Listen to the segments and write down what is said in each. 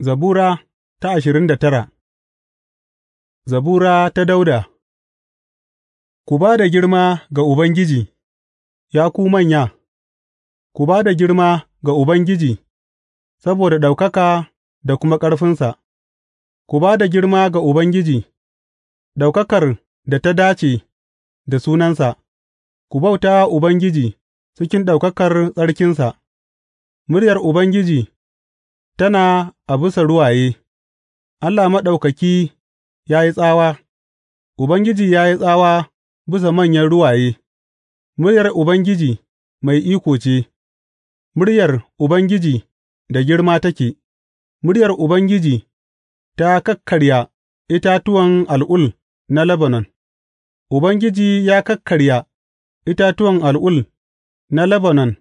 Zabura ta ashirin da tara Zabura ta Dauda Ku ba da girma ga Ubangiji, ya ku manya, ku ba da girma ga Ubangiji, saboda ɗaukaka da kuma ƙarfinsa, ku ba da girma ga Ubangiji, ɗaukakar da ta dace da sunansa, ku bauta Ubangiji cikin ɗaukakar tsarkinsa, muryar Ubangiji tana a bisa ruwaye, Allah Maɗaukaki ya yi tsawa, Ubangiji ya yi tsawa bisa manyan ruwaye; muryar Ubangiji mai iko ce, muryar Ubangiji da girma take, muryar Ubangiji ta kakkarya itatuwan al'ul na Lebanon, Ubangiji ya kakkarya itatuwan al'ul na Lebanon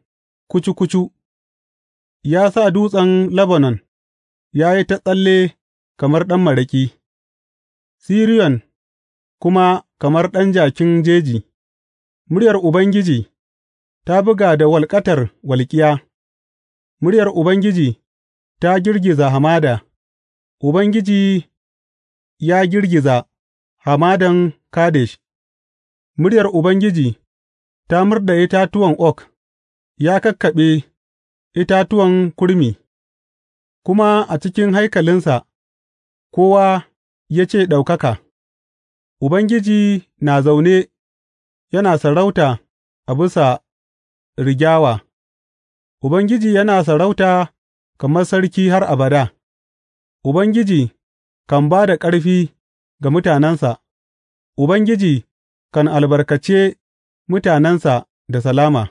kucu kucu, ya sa dutsen Lebanon. ya yi ta tsalle kamar ɗan maraƙi, Siriyon kuma kamar ɗan jakin jeji, muryar Ubangiji ta buga da walƙatar walƙiya, muryar Ubangiji ta girgiza hamada, Ubangiji ya girgiza hamadan Kadesh, muryar Ubangiji ta murɗa itatuwan oak, ya kakkaɓe itatuwan kurmi. Kuma a cikin haikalinsa kowa ya ce ɗaukaka, Ubangiji na zaune yana sarauta a bisa rigyawa; Ubangiji yana sarauta kamar sarki har abada; Ubangiji kan ba da ƙarfi ga mutanensa, Ubangiji kan albarkace mutanensa da salama.